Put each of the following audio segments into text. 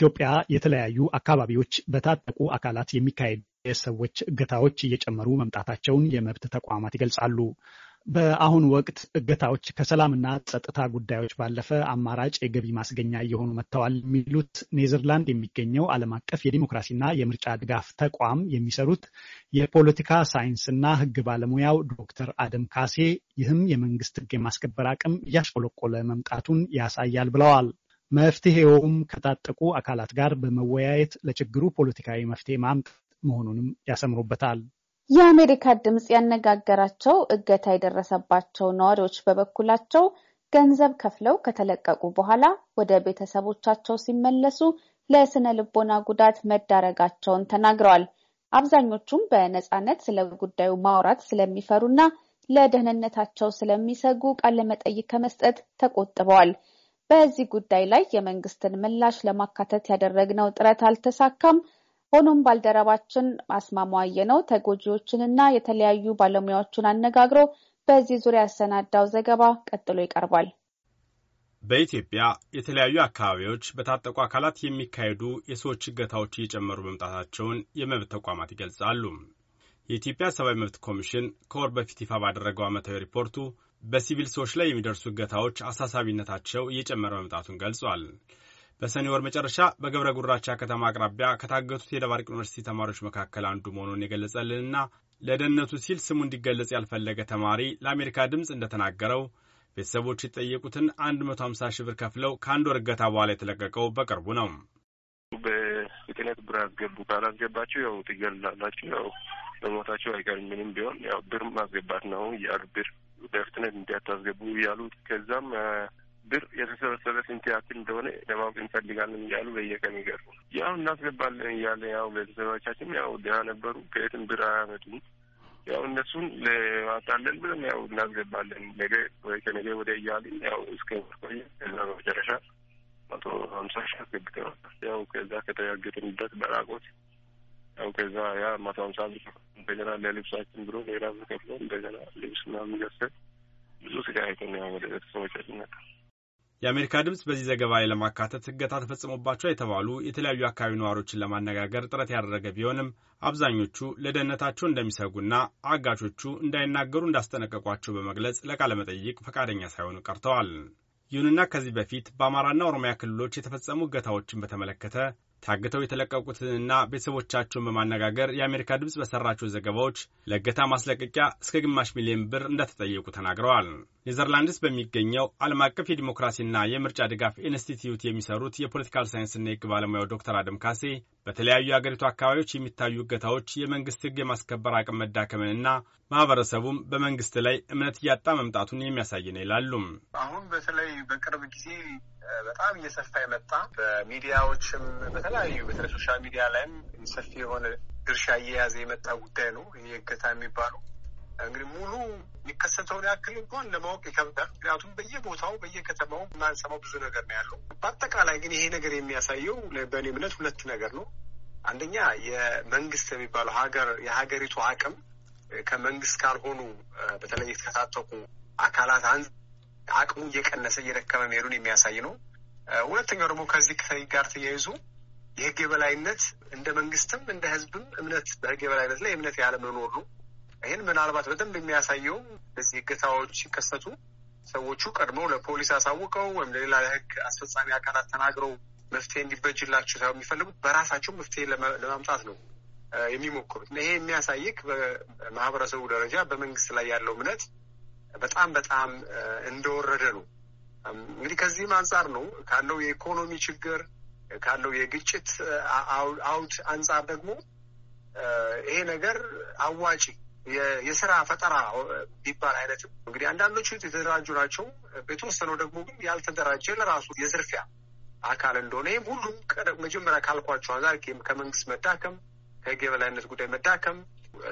በኢትዮጵያ የተለያዩ አካባቢዎች በታጠቁ አካላት የሚካሄዱ የሰዎች እገታዎች እየጨመሩ መምጣታቸውን የመብት ተቋማት ይገልጻሉ። በአሁኑ ወቅት እገታዎች ከሰላምና ጸጥታ ጉዳዮች ባለፈ አማራጭ የገቢ ማስገኛ እየሆኑ መጥተዋል የሚሉት ኔዘርላንድ የሚገኘው ዓለም አቀፍ የዲሞክራሲና የምርጫ ድጋፍ ተቋም የሚሰሩት የፖለቲካ ሳይንስና ሕግ ባለሙያው ዶክተር አደም ካሴ ይህም የመንግስት ሕግ የማስከበር አቅም እያሽቆለቆለ መምጣቱን ያሳያል ብለዋል። መፍትሄውም ከታጠቁ አካላት ጋር በመወያየት ለችግሩ ፖለቲካዊ መፍትሄ ማምጣት መሆኑንም ያሰምሩበታል። የአሜሪካ ድምፅ ያነጋገራቸው እገታ የደረሰባቸው ነዋሪዎች በበኩላቸው ገንዘብ ከፍለው ከተለቀቁ በኋላ ወደ ቤተሰቦቻቸው ሲመለሱ ለስነ ልቦና ጉዳት መዳረጋቸውን ተናግረዋል። አብዛኞቹም በነፃነት ስለ ጉዳዩ ማውራት ስለሚፈሩና ለደህንነታቸው ስለሚሰጉ ቃለመጠይቅ ከመስጠት ተቆጥበዋል። በዚህ ጉዳይ ላይ የመንግስትን ምላሽ ለማካተት ያደረግነው ጥረት አልተሳካም። ሆኖም ባልደረባችን አስማማየ ነው ተጎጂዎችንና የተለያዩ ባለሙያዎችን አነጋግሮ በዚህ ዙሪያ ያሰናዳው ዘገባ ቀጥሎ ይቀርባል። በኢትዮጵያ የተለያዩ አካባቢዎች በታጠቁ አካላት የሚካሄዱ የሰዎች እገታዎች እየጨመሩ መምጣታቸውን የመብት ተቋማት ይገልጻሉ። የኢትዮጵያ ሰብአዊ መብት ኮሚሽን ከወር በፊት ይፋ ባደረገው ዓመታዊ ሪፖርቱ በሲቪል ሰዎች ላይ የሚደርሱ እገታዎች አሳሳቢነታቸው እየጨመረ መምጣቱን ገልጿል። በሰኔ ወር መጨረሻ በገብረ ጉራቻ ከተማ አቅራቢያ ከታገቱት የደባርቅ ዩኒቨርሲቲ ተማሪዎች መካከል አንዱ መሆኑን የገለጸልንና ለደህንነቱ ሲል ስሙ እንዲገለጽ ያልፈለገ ተማሪ ለአሜሪካ ድምፅ እንደተናገረው ቤተሰቦች የጠየቁትን 150 ሺህ ብር ከፍለው ከአንድ ወር እገታ በኋላ የተለቀቀው በቅርቡ ነው። በፍጥነት ብር አስገቡ፣ ካላስገባችሁ ያው ትገላላችሁ፣ ያው በሞታችሁ አይቀርም። ምንም ቢሆን ያው ብር ማስገባት ነው። የአር ብር በፍጥነት እንዲያታስገቡ እያሉ ከዛም ብር የተሰበሰበ ስንት ያክል እንደሆነ ለማወቅ እንፈልጋለን እያሉ በየቀን ይገሩ ያው እናስገባለን እያለ ያው ቤተሰቦቻችን ያው ድሃ ነበሩ። ከየትም ብር አያመጡም። ያው እነሱን ለማጣለን ብለን ያው እናስገባለን ነገ ወይ ከነገ ወደ እያልን ያው እስከ ቆየ ከዛ በመጨረሻ መቶ ሀምሳ ሺህ አስገብተናል። ያው ከዛ ከተረጋገጥንበት በራቆት ያው ከዛ ያ መቶ ሀምሳ ብር እንደገና ለልብሳችን ብሎ ሌላ ከፍሎ እንደገና ልብስ ምናምን ገዝተን ብዙ ስቃይተን ያው ወደ ቤተሰቦቻችን መጣ። የአሜሪካ ድምፅ በዚህ ዘገባ ላይ ለማካተት እገታ ተፈጽሞባቸው የተባሉ የተለያዩ አካባቢ ነዋሪዎችን ለማነጋገር ጥረት ያደረገ ቢሆንም አብዛኞቹ ለደህንነታቸው እንደሚሰጉና አጋቾቹ እንዳይናገሩ እንዳስጠነቀቋቸው በመግለጽ ለቃለመጠይቅ ፈቃደኛ ሳይሆኑ ቀርተዋል። ይሁንና ከዚህ በፊት በአማራና ኦሮሚያ ክልሎች የተፈጸሙ እገታዎችን በተመለከተ ታግተው የተለቀቁትንና ቤተሰቦቻቸውን በማነጋገር የአሜሪካ ድምፅ በሰራቸው ዘገባዎች ለእገታ ማስለቀቂያ እስከ ግማሽ ሚሊዮን ብር እንደተጠየቁ ተናግረዋል። ኔዘርላንድስ በሚገኘው ዓለም አቀፍ የዲሞክራሲና የምርጫ ድጋፍ ኢንስቲትዩት የሚሰሩት የፖለቲካል ሳይንስና የሕግ ባለሙያው ዶክተር አደም ካሴ በተለያዩ የአገሪቱ አካባቢዎች የሚታዩ እገታዎች የመንግስት ሕግ የማስከበር አቅም መዳከምንና ማህበረሰቡም በመንግስት ላይ እምነት እያጣ መምጣቱን የሚያሳይ ነው ይላሉም። አሁን በተለይ በቅርብ ጊዜ በጣም እየሰፋ የመጣ በሚዲያዎችም በተለያዩ በተለይ ሶሻል ሚዲያ ላይም ሰፊ የሆነ ድርሻ እየያዘ የመጣ ጉዳይ ነው። ይህ እገታ የሚባለው እንግዲህ ሙሉ የሚከሰተውን ያክል እንኳን ለማወቅ ይከብዳል። ምክንያቱም በየቦታው በየከተማው የማንሰማው ብዙ ነገር ነው ያለው። በአጠቃላይ ግን ይሄ ነገር የሚያሳየው በእኔ እምነት ሁለት ነገር ነው። አንደኛ የመንግስት የሚባለው ሀገር የሀገሪቱ አቅም ከመንግስት ካልሆኑ በተለይ ከታጠቁ አካላት አቅሙ እየቀነሰ እየደከመ መሄዱን የሚያሳይ ነው። ሁለተኛው ደግሞ ከዚህ ጋር ተያይዞ የህግ የበላይነት እንደ መንግስትም እንደ ህዝብም እምነት በህግ የበላይነት ላይ እምነት ያለመኖር ነው። ይህን ምናልባት በደንብ የሚያሳየው እነዚህ እገታዎች ሲከሰቱ ሰዎቹ ቀድመው ለፖሊስ አሳውቀው ወይም ለሌላ ለህግ አስፈጻሚ አካላት ተናግረው መፍትሄ እንዲበጅላቸው ሳይሆን የሚፈልጉት በራሳቸው መፍትሄ ለማምጣት ነው የሚሞክሩት። ይሄ የሚያሳይክ በማህበረሰቡ ደረጃ በመንግስት ላይ ያለው እምነት በጣም በጣም እንደወረደ ነው። እንግዲህ ከዚህም አንጻር ነው ካለው የኢኮኖሚ ችግር ካለው የግጭት አውድ አንጻር ደግሞ ይሄ ነገር አዋጪ የስራ ፈጠራ ቢባል አይነት እንግዲህ አንዳንዶቹ የተደራጁ ናቸው። በተወሰነው ደግሞ ግን ያልተደራጀ ለራሱ የዝርፊያ አካል እንደሆነ ይህም ሁሉም መጀመሪያ ካልኳቸው አንጻር ከመንግስት መዳከም፣ ከህግ የበላይነት ጉዳይ መዳከም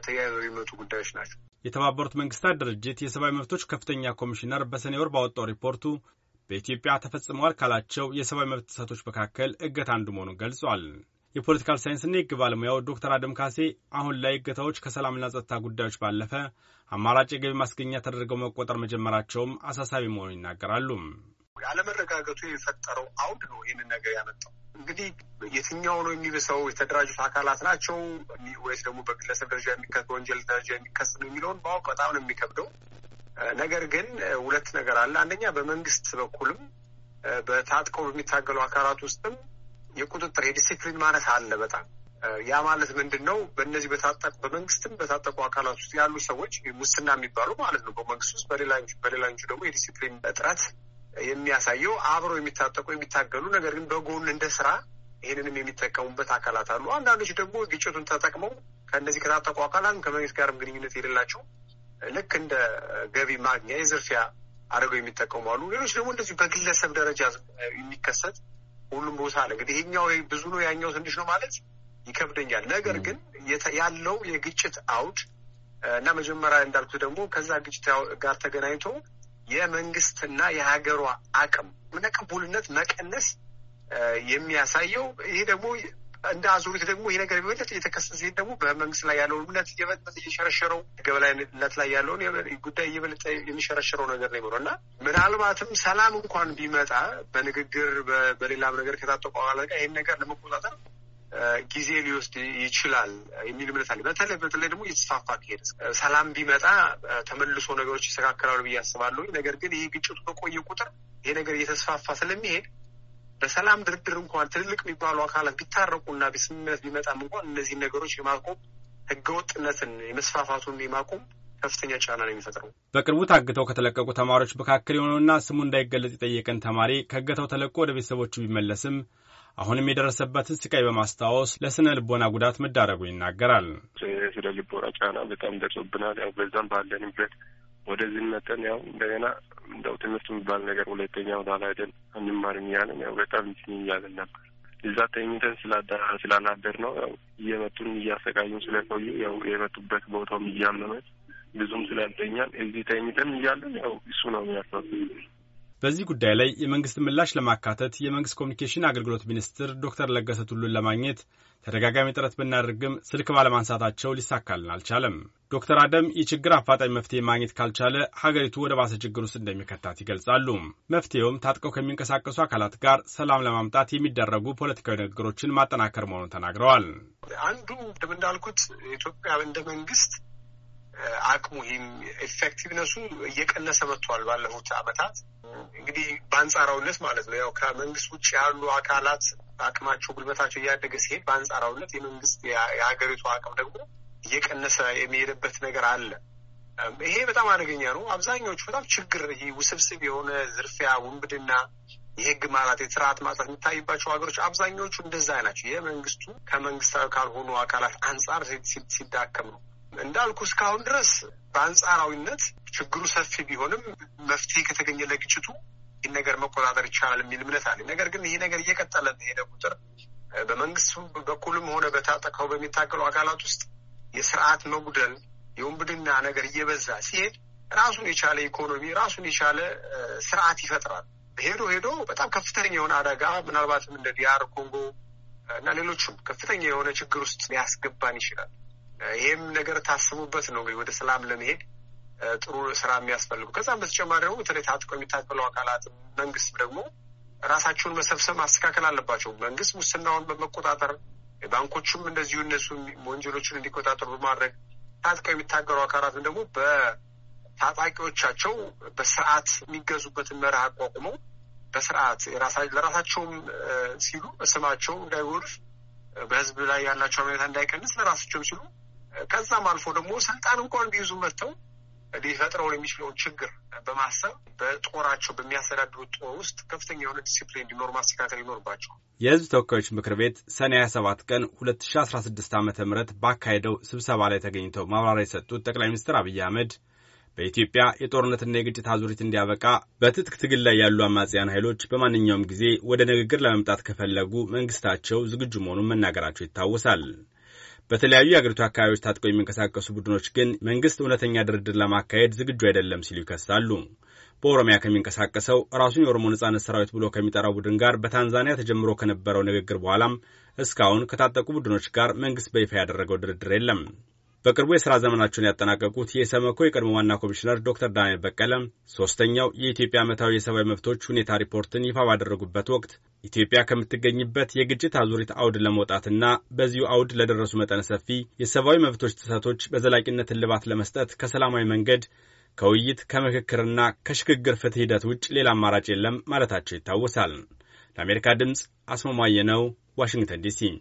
ተያይዘው የሚመጡ ጉዳዮች ናቸው። የተባበሩት መንግስታት ድርጅት የሰብአዊ መብቶች ከፍተኛ ኮሚሽነር በሰኔ ወር ባወጣው ሪፖርቱ በኢትዮጵያ ተፈጽመዋል ካላቸው የሰብአዊ መብት ጥሰቶች መካከል እገት አንዱ መሆኑን ገልጿል። የፖለቲካል ሳይንስና የህግ ባለሙያው ዶክተር አደም ካሴ አሁን ላይ እገታዎች ከሰላምና ጸጥታ ጉዳዮች ባለፈ አማራጭ የገቢ ማስገኛ ተደርገው መቆጠር መጀመራቸውም አሳሳቢ መሆኑን ይናገራሉ። አለመረጋገቱ የፈጠረው አውድ ነው ይህንን ነገር ያመጣው። እንግዲህ የትኛው ነው የሚብሰው? የተደራጁት አካላት ናቸው ወይስ ደግሞ በግለሰብ ደረጃ የሚከት ወንጀል ደረጃ የሚከስ ነው የሚለውን በአውቅ በጣም ነው የሚከብደው። ነገር ግን ሁለት ነገር አለ። አንደኛ በመንግስት በኩልም በታጥቀው በሚታገሉ አካላት ውስጥም የቁጥጥር የዲስፕሊን ማነስ አለ በጣም ያ ማለት ምንድን ነው? በእነዚህ በታጠቁ በመንግስትም በታጠቁ አካላት ውስጥ ያሉ ሰዎች ሙስና የሚባሉ ማለት ነው በመንግስት ውስጥ በሌላኞቹ ደግሞ የዲሲፕሊን እጥረት የሚያሳየው አብረው የሚታጠቁ የሚታገሉ ነገር ግን በጎን እንደ ስራ ይህንንም የሚጠቀሙበት አካላት አሉ። አንዳንዶች ደግሞ ግጭቱን ተጠቅመው ከእነዚህ ከታጠቁ አካላትም ከመንግስት ጋርም ግንኙነት የሌላቸው ልክ እንደ ገቢ ማግኛ የዝርፊያ አድርገው የሚጠቀሙ አሉ። ሌሎች ደግሞ እንደዚህ በግለሰብ ደረጃ የሚከሰት ሁሉም ሩስ አለ። እንግዲህ ይህኛው ብዙ ነው ያኛው ትንሽ ነው ማለት ይከብደኛል። ነገር ግን ያለው የግጭት አውድ እና መጀመሪያ እንዳልኩ ደግሞ ከዛ ግጭት ጋር ተገናኝቶ የመንግስትና የሀገሯ አቅም ምን ምነቅቡልነት መቀነስ የሚያሳየው ይሄ ደግሞ እንደ አዙሪት ደግሞ ይህ ነገር ቢበለት እየተከሰ ዜ ደግሞ በመንግስት ላይ ያለውን እምነት እየበለጠ እየሸረሸረው ገበላይነት ላይ ያለውን ጉዳይ እየበለጠ የሚሸረሸረው ነገር ነው የሚሆነው እና ምናልባትም ሰላም እንኳን ቢመጣ በንግግር በሌላም ነገር ከታጠቁ አለቃ ይህን ነገር ለመቆጣጠር ጊዜ ሊወስድ ይችላል የሚል እምነት አለ። በተለይ በተለይ ደግሞ የተስፋፋ ከሄደ ሰላም ቢመጣ ተመልሶ ነገሮች ይስተካከላሉ ብዬ አስባለሁ። ነገር ግን ይህ ግጭቱ በቆየ ቁጥር ይሄ ነገር እየተስፋፋ ስለሚሄድ በሰላም ድርድር እንኳን ትልልቅ የሚባሉ አካላት ቢታረቁና ስምምነት ቢመጣም እንኳን እነዚህ ነገሮች የማቆም ህገወጥነትን የመስፋፋቱን የማቆም ከፍተኛ ጫና ነው የሚፈጥረው። በቅርቡ ታግተው ከተለቀቁ ተማሪዎች መካከል የሆነውና ስሙ እንዳይገለጽ የጠየቀን ተማሪ ከእገታው ተለቆ ወደ ቤተሰቦቹ ቢመለስም አሁንም የደረሰበትን ስቃይ በማስታወስ ለስነ ልቦና ጉዳት መዳረጉ ይናገራል። ስነ ልቦና ጫና በጣም ደርሶብናል። ያው በዛም ባለንበት ወደዚህ መጠን ያው እንደገና እንደው ትምህርት የሚባል ነገር ሁለተኛ ወደ ኋላ ሄደን አንማርም እያለን ያው በጣም እንትን እያለን ነበር። እዛ ተኝተን ስላላደር ነው ያው እየመጡን እያሰቃዩን ስለቆዩ ያው የመጡበት ቦታውም እያመመን ብዙም ስላልተኛል እዚህ ተኝተን እያለን ያው እሱ ነው የሚያሳስ በዚህ ጉዳይ ላይ የመንግስት ምላሽ ለማካተት የመንግስት ኮሚኒኬሽን አገልግሎት ሚኒስትር ዶክተር ለገሰ ቱሉን ለማግኘት ተደጋጋሚ ጥረት ብናደርግም ስልክ ባለማንሳታቸው ሊሳካልን አልቻለም። ዶክተር አደም የችግር አፋጣኝ መፍትሄ ማግኘት ካልቻለ ሀገሪቱ ወደ ባሰ ችግር ውስጥ እንደሚከታት ይገልጻሉ። መፍትሄውም ታጥቀው ከሚንቀሳቀሱ አካላት ጋር ሰላም ለማምጣት የሚደረጉ ፖለቲካዊ ንግግሮችን ማጠናከር መሆኑን ተናግረዋል። አንዱ እንደምናልኩት ኢትዮጵያ እንደ መንግስት አቅሙ ይህም ኢፌክቲቭነሱ እየቀነሰ መጥቷል ባለፉት አመታት እንግዲህ በአንጻራዊነት ማለት ነው። ያው ከመንግስት ውጭ ያሉ አካላት አቅማቸው ጉልበታቸው እያደገ ሲሄድ፣ በአንጻራዊነት የመንግስት የሀገሪቱ አቅም ደግሞ እየቀነሰ የሚሄድበት ነገር አለ። ይሄ በጣም አደገኛ ነው። አብዛኛዎቹ በጣም ችግር ይህ ውስብስብ የሆነ ዝርፊያ፣ ውንብድና፣ የህግ ማራት፣ የስርዓት ማጥፋት የሚታይባቸው ሀገሮች አብዛኛዎቹ እንደዛ ናቸው። የመንግስቱ ከመንግስታዊ ካልሆኑ አካላት አንጻር ሲዳከም ነው እንዳልኩ እስካሁን ድረስ በአንጻራዊነት ችግሩ ሰፊ ቢሆንም መፍትሄ ከተገኘ ለግጭቱ ይህ ነገር መቆጣጠር ይቻላል የሚል እምነት አለ። ነገር ግን ይሄ ነገር እየቀጠለ ሄደ ቁጥር በመንግስት በኩልም ሆነ በታጠቀው በሚታገሉ አካላት ውስጥ የስርዓት መጉደል የውንብድና ነገር እየበዛ ሲሄድ ራሱን የቻለ ኢኮኖሚ ራሱን የቻለ ስርዓት ይፈጥራል። ሄዶ ሄዶ በጣም ከፍተኛ የሆነ አደጋ ምናልባትም እንደ ዲያር ኮንጎ እና ሌሎችም ከፍተኛ የሆነ ችግር ውስጥ ሊያስገባን ይችላል። ይህም ነገር ታስቡበት ነው እንግዲህ ወደ ሰላም ለመሄድ ጥሩ ስራ የሚያስፈልጉ። ከዛም በተጨማሪ ደግሞ በተለይ ታጥቆ የሚታገለው አካላት መንግስት ደግሞ ራሳቸውን መሰብሰብ ማስተካከል አለባቸው። መንግስት ሙስናውን በመቆጣጠር ባንኮቹም እንደዚሁ እነሱ ወንጀሎችን እንዲቆጣጠሩ በማድረግ ታጥቀው የሚታገሉ አካላትን ደግሞ በታጣቂዎቻቸው በስርዓት የሚገዙበትን መርህ አቋቁመው በስርዓት ለራሳቸውም ሲሉ ስማቸው እንዳይወርፍ፣ በህዝብ ላይ ያላቸው አመኔታ እንዳይቀንስ ለራሳቸውም ሲሉ ከዛም አልፎ ደግሞ ስልጣን እንኳን ቢይዙ መጥተው ሊፈጥረውን የሚችለውን ችግር በማሰብ በጦራቸው በሚያስተዳድሩት ጦር ውስጥ ከፍተኛ የሆነ ዲሲፕሊን እንዲኖር ማስተካከል ይኖርባቸው። የህዝብ ተወካዮች ምክር ቤት ሰኔ 27 ቀን 2016 ዓ ም ባካሄደው ስብሰባ ላይ ተገኝተው ማብራሪያ የሰጡት ጠቅላይ ሚኒስትር አብይ አህመድ በኢትዮጵያ የጦርነትና የግጭት አዙሪት እንዲያበቃ በትጥቅ ትግል ላይ ያሉ አማጽያን ኃይሎች በማንኛውም ጊዜ ወደ ንግግር ለመምጣት ከፈለጉ መንግስታቸው ዝግጁ መሆኑን መናገራቸው ይታወሳል። በተለያዩ የአገሪቱ አካባቢዎች ታጥቀው የሚንቀሳቀሱ ቡድኖች ግን መንግስት እውነተኛ ድርድር ለማካሄድ ዝግጁ አይደለም ሲሉ ይከሳሉ። በኦሮሚያ ከሚንቀሳቀሰው ራሱን የኦሮሞ ነጻነት ሰራዊት ብሎ ከሚጠራው ቡድን ጋር በታንዛኒያ ተጀምሮ ከነበረው ንግግር በኋላም እስካሁን ከታጠቁ ቡድኖች ጋር መንግስት በይፋ ያደረገው ድርድር የለም። በቅርቡ የሥራ ዘመናቸውን ያጠናቀቁት የሰመኮ የቀድሞ ዋና ኮሚሽነር ዶክተር ዳንኤል በቀለ ሦስተኛው የኢትዮጵያ ዓመታዊ የሰብአዊ መብቶች ሁኔታ ሪፖርትን ይፋ ባደረጉበት ወቅት ኢትዮጵያ ከምትገኝበት የግጭት አዙሪት አውድ ለመውጣትና በዚሁ አውድ ለደረሱ መጠነ ሰፊ የሰብአዊ መብቶች ጥሰቶች በዘላቂነት እልባት ለመስጠት ከሰላማዊ መንገድ ከውይይት ከምክክርና ከሽግግር ፍትህ ሂደት ውጭ ሌላ አማራጭ የለም ማለታቸው ይታወሳል። ለአሜሪካ ድምፅ አስማማየ ነው፣ ዋሽንግተን ዲሲ